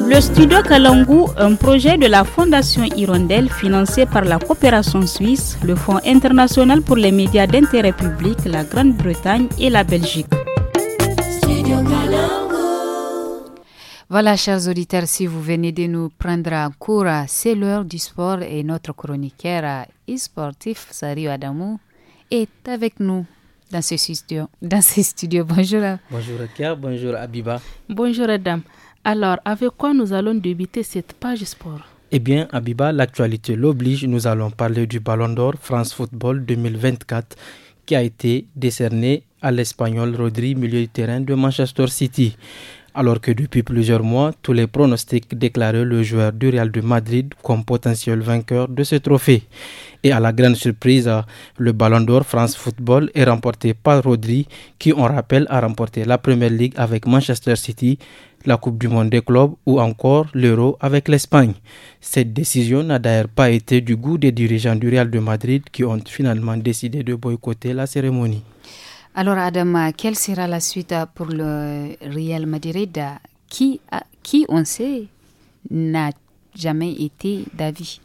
Le studio Kalangou, un projet de la Fondation Hirondelle financé par la coopération suisse, le Fonds international pour les médias d'intérêt public, la Grande-Bretagne et la Belgique. Voilà, chers auditeurs, si vous venez de nous prendre en cours, c'est l'heure du sport et notre chroniqueur e sportif, Sariu Adamou, est avec nous dans ce studio. Dans ce studio. Bonjour. Bonjour, Kia. Bonjour, Abiba. Bonjour, Adam. Alors, avec quoi nous allons débuter cette page sport eh bien, Abiba, l'actualité l'oblige. Nous allons parler du Ballon d'Or France Football 2024 qui a été décerné à l'Espagnol Rodri, milieu de terrain de Manchester City alors que depuis plusieurs mois, tous les pronostics déclaraient le joueur du Real de Madrid comme potentiel vainqueur de ce trophée. Et à la grande surprise, le Ballon d'Or France Football est remporté par Rodri, qui, on rappelle, a remporté la Première Ligue avec Manchester City, la Coupe du Monde des clubs ou encore l'Euro avec l'Espagne. Cette décision n'a d'ailleurs pas été du goût des dirigeants du Real de Madrid qui ont finalement décidé de boycotter la cérémonie. Alors Adam, quelle sera la suite pour le Real Madrid qui, qui on sait, n'a jamais été d'avis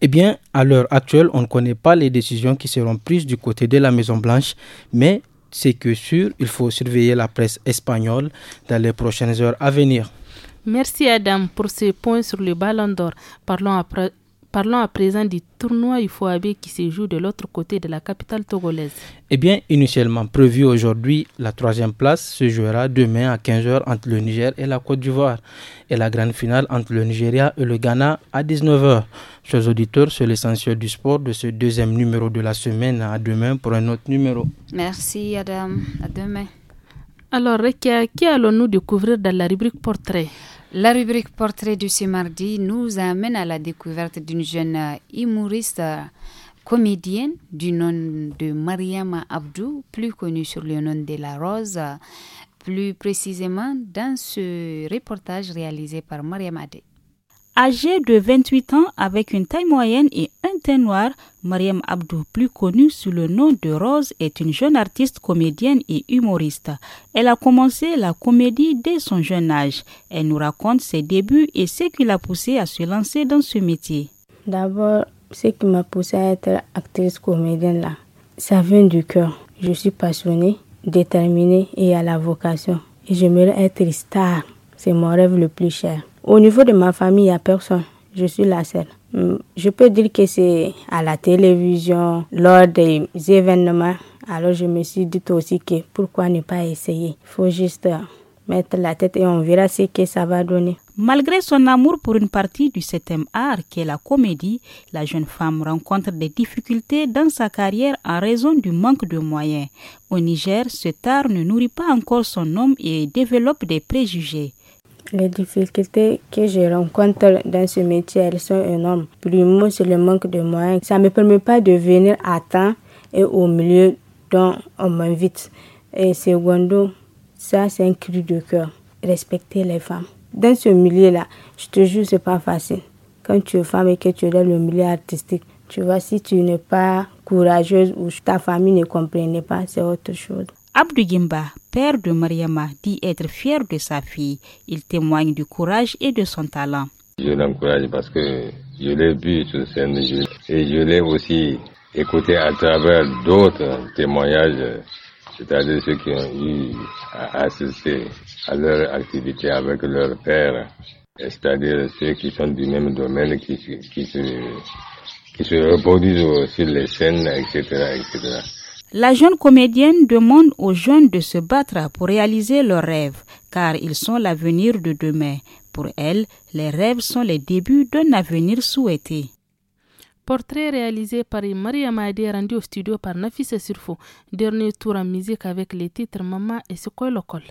eh bien, à l'heure actuelle, on ne connaît pas les décisions qui seront prises du côté de la Maison-Blanche, mais c'est que sûr, il faut surveiller la presse espagnole dans les prochaines heures à venir. Merci Adam pour ce point sur le ballon d'or. Parlons après. Parlons à présent du tournoi Ifoabé qui se joue de l'autre côté de la capitale togolaise. Eh bien, initialement prévu aujourd'hui, la troisième place se jouera demain à 15h entre le Niger et la Côte d'Ivoire et la grande finale entre le Nigeria et le Ghana à 19h. Chers auditeurs, c'est l'essentiel du sport de ce deuxième numéro de la semaine. À demain pour un autre numéro. Merci Adam, à demain. Alors Rekia, qui allons-nous découvrir dans la rubrique portrait la rubrique portrait de ce mardi nous amène à la découverte d'une jeune humoriste comédienne du nom de Mariama Abdou, plus connue sur le nom de La Rose, plus précisément dans ce reportage réalisé par Mariam Adé. Âgée de 28 ans avec une taille moyenne et un teint noir, Mariam Abdou, plus connue sous le nom de Rose, est une jeune artiste comédienne et humoriste. Elle a commencé la comédie dès son jeune âge. Elle nous raconte ses débuts et ce qui l'a poussée à se lancer dans ce métier. D'abord, ce qui m'a poussée à être actrice comédienne là, ça vient du cœur. Je suis passionnée, déterminée et à la vocation. Et j'aimerais être star. C'est mon rêve le plus cher. Au niveau de ma famille, il n'y a personne. Je suis la seule. Hmm, je peux dire que c'est à la télévision, lors des événements. Alors je me suis dit aussi que pourquoi ne pas essayer. Il faut juste euh, mettre la tête et on verra ce que ça va donner. Malgré son amour pour une partie du septième art qu'est la comédie, la jeune femme rencontre des difficultés dans sa carrière en raison du manque de moyens. Au Niger, cet art ne nourrit pas encore son homme et développe des préjugés. Les difficultés que je rencontre dans ce métier, elles sont énormes. Primo, c'est le manque de moyens. Ça ne me permet pas de venir à temps et au milieu dont on m'invite. Et secondo, ça c'est un cri de cœur. Respecter les femmes. Dans ce milieu-là, je te jure, c'est pas facile. Quand tu es femme et que tu es dans le milieu artistique, tu vois, si tu n'es pas courageuse ou ta famille ne comprenait pas, c'est autre chose. Abdou Gimba, père de Mariama, dit être fier de sa fille. Il témoigne du courage et de son talent. Je l'encourage parce que je l'ai vu sur scène et je l'ai aussi écouté à travers d'autres témoignages, c'est-à-dire ceux qui ont eu à assister à leur activité avec leur père, c'est-à-dire ceux qui sont du même domaine, qui, se, qui se reproduisent sur les scènes, etc. etc. La jeune comédienne demande aux jeunes de se battre pour réaliser leurs rêves, car ils sont l'avenir de demain. Pour elle, les rêves sont les débuts d'un avenir souhaité. Portrait réalisé par Maria Maïdé, rendu au studio par Nafis Surfo. Dernier tour en musique avec les titres Maman et Secoy Local.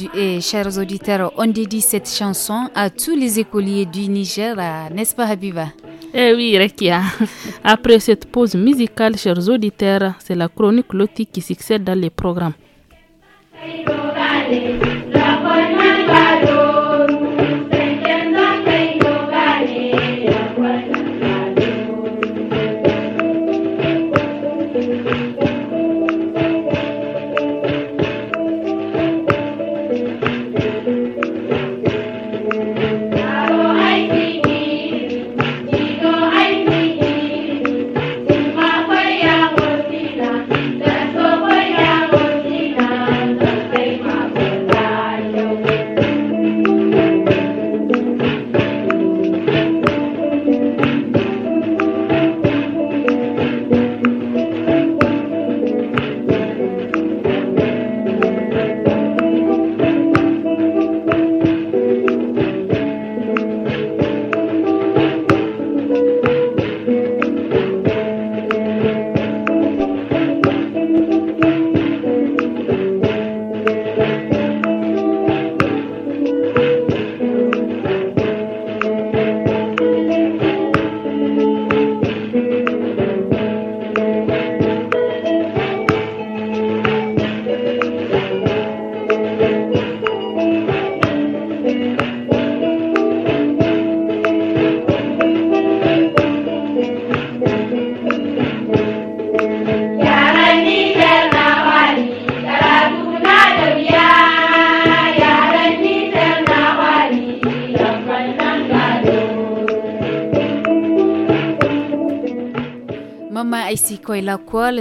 Et eh, chers auditeurs, on dédie cette chanson à tous les écoliers du Niger, euh, n'est-ce pas Habiba Eh oui, Rekia. Après cette pause musicale, chers auditeurs, c'est la chronique Loti qui succède dans les programmes.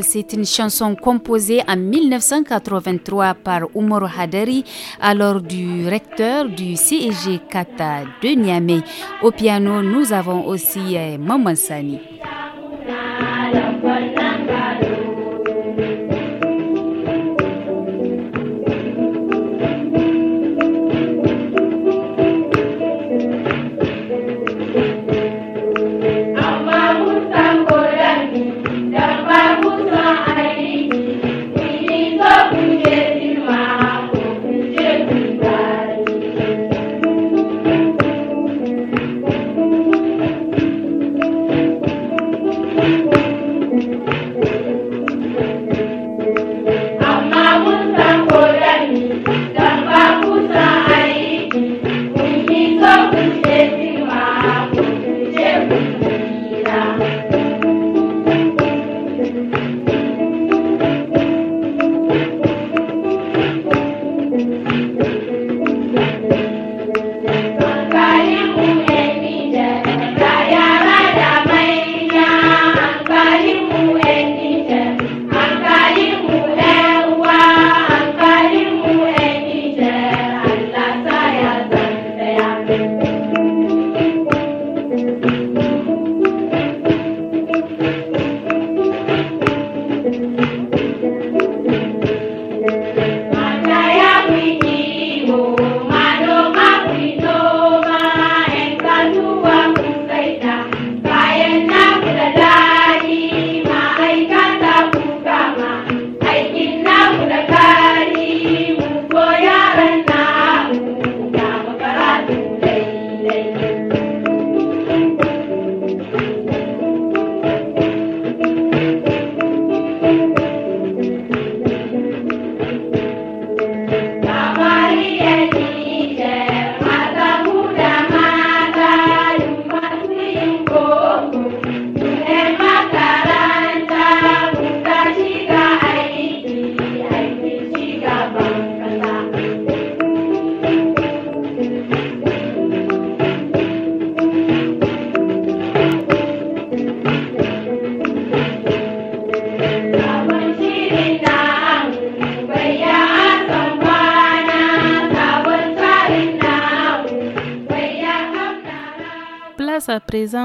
c'est une chanson composée en 1983 par Oumor Hadari, alors du recteur du CEG Kata de Niamey. Au piano, nous avons aussi eh, Mamansani.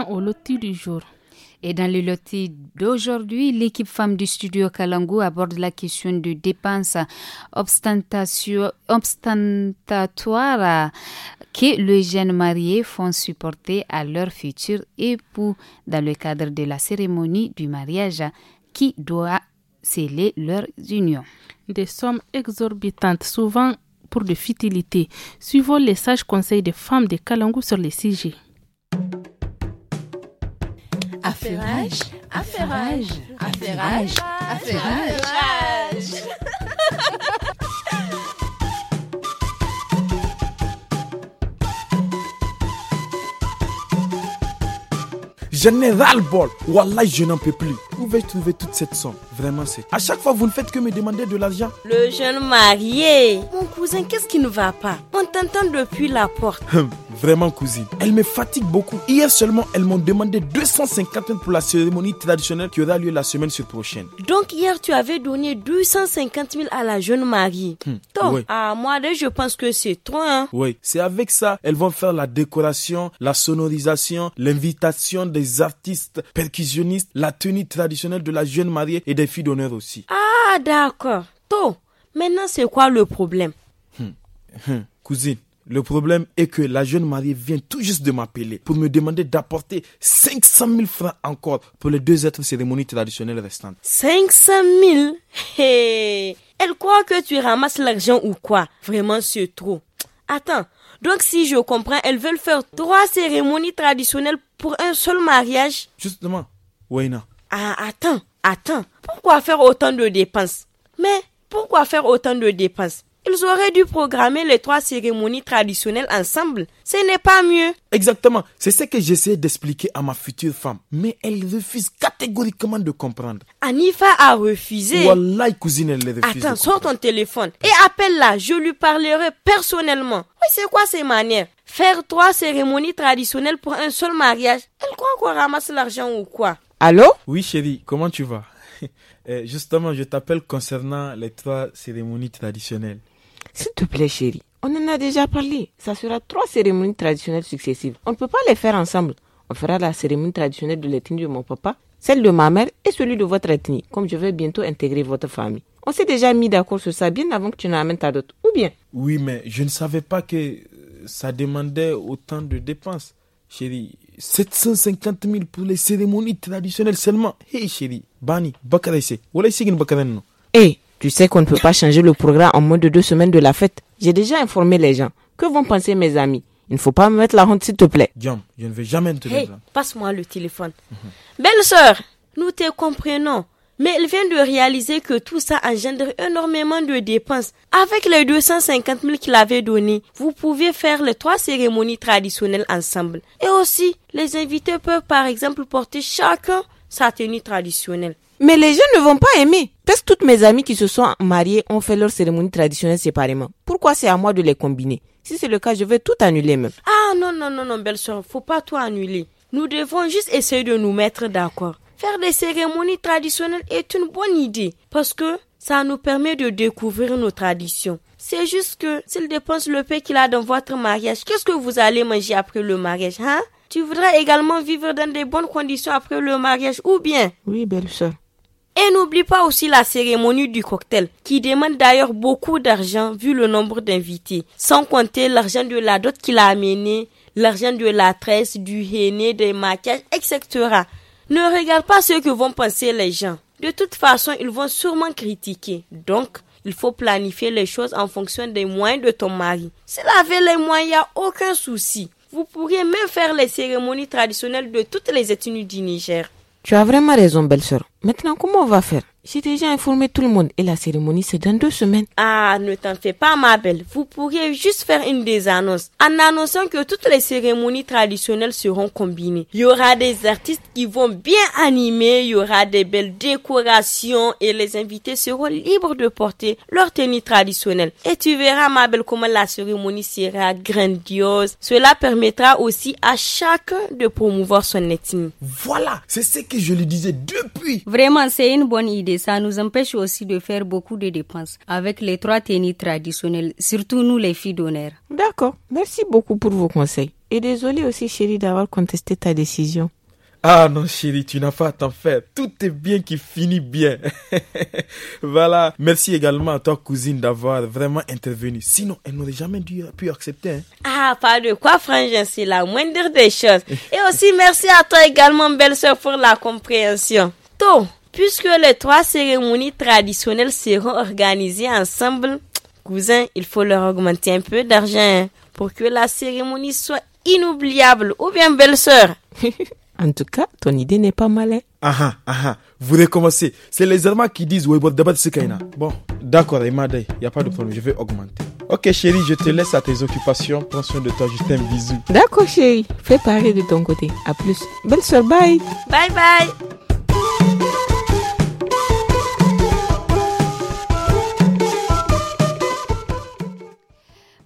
au loti du jour. Et dans le loti d'aujourd'hui, l'équipe femme du studio Kalangu aborde la question des dépenses obstantatoires que les jeunes mariés font supporter à leur futur époux dans le cadre de la cérémonie du mariage qui doit sceller leur union. Des sommes exorbitantes, souvent pour de futilités, suivant les sages conseils des femmes de Kalangu sur les sujets. Affairage, affairage, affairage, affairage. le bol. Wallah, je n'en peux plus. Où vais-je trouver toute cette somme Vraiment, c'est. À chaque fois, vous ne faites que me demander de l'argent. Le jeune marié. Mon cousin, qu'est-ce qui ne va pas On t'entend depuis la porte. Hum vraiment cousine. Elle me fatigue beaucoup. Hier seulement, elles m'ont demandé 250 000 pour la cérémonie traditionnelle qui aura lieu la semaine sur prochaine. Donc hier, tu avais donné 250 000 à la jeune mariée. Toi, hmm, à moi, je pense que c'est toi. Hein? Oui, c'est avec ça, elles vont faire la décoration, la sonorisation, l'invitation des artistes percussionnistes, la tenue traditionnelle de la jeune mariée et des filles d'honneur aussi. Ah, d'accord. Toi, maintenant, c'est quoi le problème? Hmm, hmm, cousine. Le problème est que la jeune mariée vient tout juste de m'appeler pour me demander d'apporter 500 000 francs encore pour les deux autres cérémonies traditionnelles restantes. 500 000 Elle croit que tu ramasses l'argent ou quoi Vraiment, c'est trop. Attends, donc si je comprends, elles veulent faire trois cérémonies traditionnelles pour un seul mariage Justement, Wayna. Ah, attends, attends. Pourquoi faire autant de dépenses Mais pourquoi faire autant de dépenses ils auraient dû programmer les trois cérémonies traditionnelles ensemble. Ce n'est pas mieux. Exactement. C'est ce que j'essaie d'expliquer à ma future femme. Mais elle refuse catégoriquement de comprendre. Anifa a refusé. cousine, elle refuse. Attends, sors ton téléphone et appelle-la. Je lui parlerai personnellement. Oui, c'est quoi ces manières Faire trois cérémonies traditionnelles pour un seul mariage. Elle croit qu'on ramasse l'argent ou quoi Allô Oui, chérie, comment tu vas eh, Justement, je t'appelle concernant les trois cérémonies traditionnelles. S'il te plaît, chérie, on en a déjà parlé. Ça sera trois cérémonies traditionnelles successives. On ne peut pas les faire ensemble. On fera la cérémonie traditionnelle de l'ethnie de mon papa, celle de ma mère et celui de votre ethnie, comme je vais bientôt intégrer votre famille. On s'est déjà mis d'accord sur ça bien avant que tu n'amènes ta dot, ou bien Oui, mais je ne savais pas que euh, ça demandait autant de dépenses, chérie. 750 000 pour les cérémonies traditionnelles seulement. Hé, hey, chérie, Bani, Bakaraïse, voilà nous non? Hé, eh, tu sais qu'on ne peut pas changer le programme en moins de deux semaines de la fête. J'ai déjà informé les gens. Que vont penser mes amis Il ne faut pas me mettre la honte, s'il te plaît. Diam, je ne vais jamais te hey, Passe-moi le téléphone. Belle sœur, nous te comprenons. Mais elle vient de réaliser que tout ça engendre énormément de dépenses. Avec les 250 000 qu'il avait donnés, vous pouvez faire les trois cérémonies traditionnelles ensemble. Et aussi, les invités peuvent par exemple porter chacun sa tenue traditionnelle. Mais les gens ne vont pas aimer. parce que toutes mes amies qui se sont mariées ont fait leur cérémonie traditionnelle séparément. Pourquoi c'est à moi de les combiner Si c'est le cas, je vais tout annuler même. Ah non, non, non, non, belle soeur, faut pas tout annuler. Nous devons juste essayer de nous mettre d'accord. Faire des cérémonies traditionnelles est une bonne idée parce que ça nous permet de découvrir nos traditions. C'est juste que s'il dépense le paix qu'il a dans votre mariage, qu'est-ce que vous allez manger après le mariage, hein Tu voudrais également vivre dans des bonnes conditions après le mariage ou bien Oui, belle soeur. Et n'oublie pas aussi la cérémonie du cocktail, qui demande d'ailleurs beaucoup d'argent vu le nombre d'invités, sans compter l'argent de la dot qu'il a amené, l'argent de la tresse, du henné, des maquillages, etc. Ne regarde pas ce que vont penser les gens. De toute façon, ils vont sûrement critiquer. Donc, il faut planifier les choses en fonction des moyens de ton mari. S'il avait les moyens, il n'y a aucun souci. Vous pourriez même faire les cérémonies traditionnelles de toutes les études du Niger. Tu as vraiment raison, belle-sœur. Maintenant, comment on va faire j'ai déjà informé tout le monde et la cérémonie c'est dans deux semaines. Ah, ne t'en fais pas Mabel. belle. Vous pourriez juste faire une des annonces en annonçant que toutes les cérémonies traditionnelles seront combinées. Il y aura des artistes qui vont bien animer, il y aura des belles décorations et les invités seront libres de porter leur tenue traditionnelle. Et tu verras ma belle comment la cérémonie sera grandiose. Cela permettra aussi à chacun de promouvoir son ethnie. Voilà, c'est ce que je lui disais depuis. Vraiment, c'est une bonne idée ça nous empêche aussi de faire beaucoup de dépenses avec les trois tenues traditionnelles, surtout nous les filles d'honneur. D'accord, merci beaucoup pour vos conseils. Et désolé aussi chérie d'avoir contesté ta décision. Ah non chérie, tu n'as pas à t'en faire. Tout est bien qui finit bien. voilà. Merci également à ta cousine d'avoir vraiment intervenu. Sinon, elle n'aurait jamais dû, pu accepter. Hein. Ah, pas de quoi, frangin, c'est la moindre des choses. Et aussi merci à toi également, belle soeur pour la compréhension. Tout. Puisque les trois cérémonies traditionnelles seront organisées ensemble, cousin, il faut leur augmenter un peu d'argent pour que la cérémonie soit inoubliable. Ou bien belle-sœur. en tout cas, ton idée n'est pas mal. Hein. Aha, ah, ah ah vous recommencez. C'est les Allemands qui disent oui, bon, d'abord, c'est Bon, d'accord, il n'y a pas de problème, je vais augmenter. Ok chérie, je te laisse à tes occupations. Prends soin de toi, je t'aime, bisou. D'accord chérie, fais pareil de ton côté. A plus. Belle soeur, bye. Bye bye.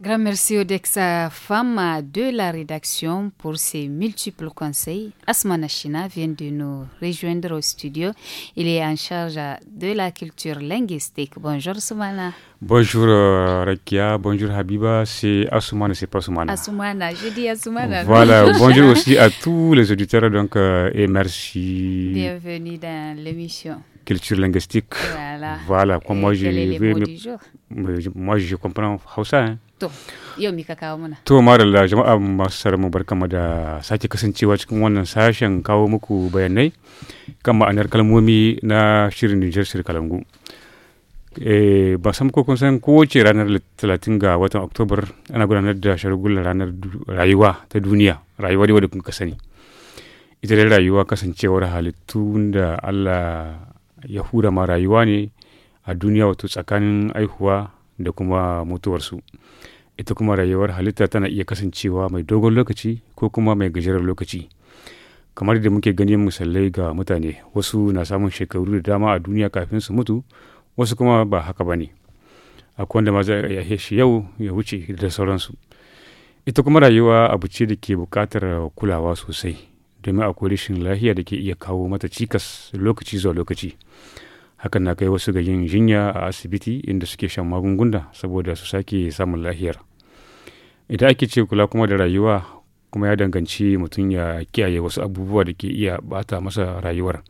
Grand merci Odexa Femme de la rédaction pour ses multiples conseils. Asmana China vient de nous rejoindre au studio. Il est en charge de la culture linguistique. Bonjour Soumana. Bonjour euh, Rekia, bonjour Habiba. C'est Asumana, c'est pas Soumana. Asumana, je dis Asumana. Voilà, bonjour aussi à tous les auditeurs donc, euh, et merci. Bienvenue dans l'émission culture linguistique. Voilà. voilà. moi, je, moi, je comprends Hausa. Hein. To, yau mika kawo muna. To, marala jama'a masu sararin barkama da sake kasancewa cikin wannan sashen kawo muku bayanai kan ma'anar kalmomi na shirin Nijar Kalangu. Eh, ba san ko kun san kowace ranar 30 ga watan Oktobar ana gudanar da shagulan ranar rayuwa ta duniya, rayuwa dai wadda kun ka sani. Ita dai rayuwa kasancewar halittu da Allah ya hura ma rayuwa ne a duniya wato tsakanin aihuwa da kuma mutuwarsu. ita kuma rayuwar halitta tana iya kasancewa mai dogon lokaci ko kuma mai gajeren lokaci kamar da muke ganin misalai ga mutane wasu na samun shekaru da dama a duniya kafin su mutu wasu kuma ba haka ba ne akwai wanda ma za a yahe shi yau ya wuce da sauransu ita kuma rayuwa abu ce da ke buƙatar kulawa sosai domin akwai rashin lahiya da ke iya kawo mata cikas lokaci zuwa lokaci hakan na kai wasu ga yin jinya a asibiti inda suke shan magunguna saboda su sake samun lahiyar idan ake ce kula kuma da rayuwa kuma ya danganci mutum ya kiyaye wasu abubuwa da ke iya bata masa rayuwar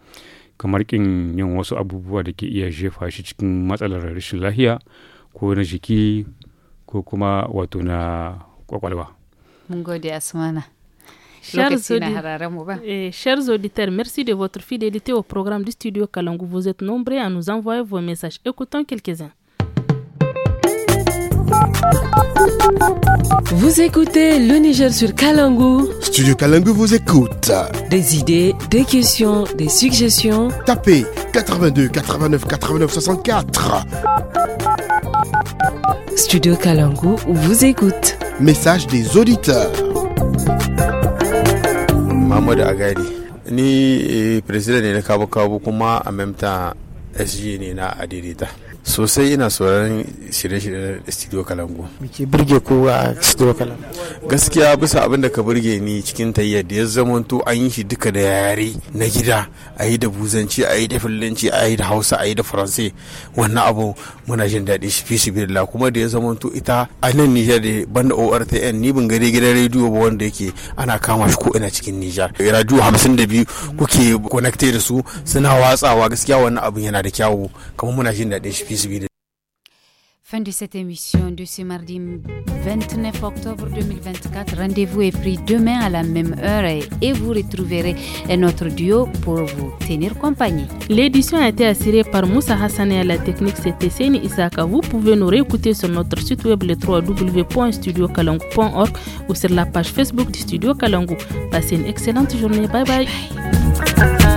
kamar kin yin wasu abubuwa da ke iya jefa shi cikin matsalar rashin lahiya ko na jiki ko kuma wato na kwakwalwa mun gode asmana Chers, auditeurs, merci de votre fidélité au programme du studio Kalangu. Vous êtes nombreux à nous envoyer vos messages. Écoutons quelques-uns. Vous écoutez le Niger sur Kalangu. Studio Kalangu vous écoute. Des idées, des questions, des suggestions. Tapez 82 89 89 64. Studio Kalangu vous écoute. Message des auditeurs. Muhammadu Agari. Ni eh, president ne na kabo-kabo kuma a memta SG ne na adirita. sosai ina sauraron shirye-shiryen studio kalangu ke birge kowa a studio kalangu gaskiya bisa abin da ka birge ni cikin tayyar da ya zamanto an yi shi duka da yare na gida a yi da buzanci a yi da fillanci a yi da hausa a yi da faransa wannan abu muna jin daɗi shi fi kuma da ya zamanto ita a nan nijar da banda ortn ni ban gare gidan rediyo ba wanda yake ana kama shi ko ina cikin nijar radio hamsin da biyu kuke connected da su suna watsawa gaskiya wannan abin yana da kyawu kuma muna jin daɗin shi Fin de cette émission de ce mardi 29 octobre 2024. Rendez-vous est pris demain à la même heure et vous retrouverez notre duo pour vous tenir compagnie. L'édition a été assurée par Moussa Hassan et à la technique c'était Isaac. Vous pouvez nous réécouter sur notre site web le 3w www.studiocalango.org ou sur la page Facebook du Studio kalango Passez une excellente journée. bye. bye.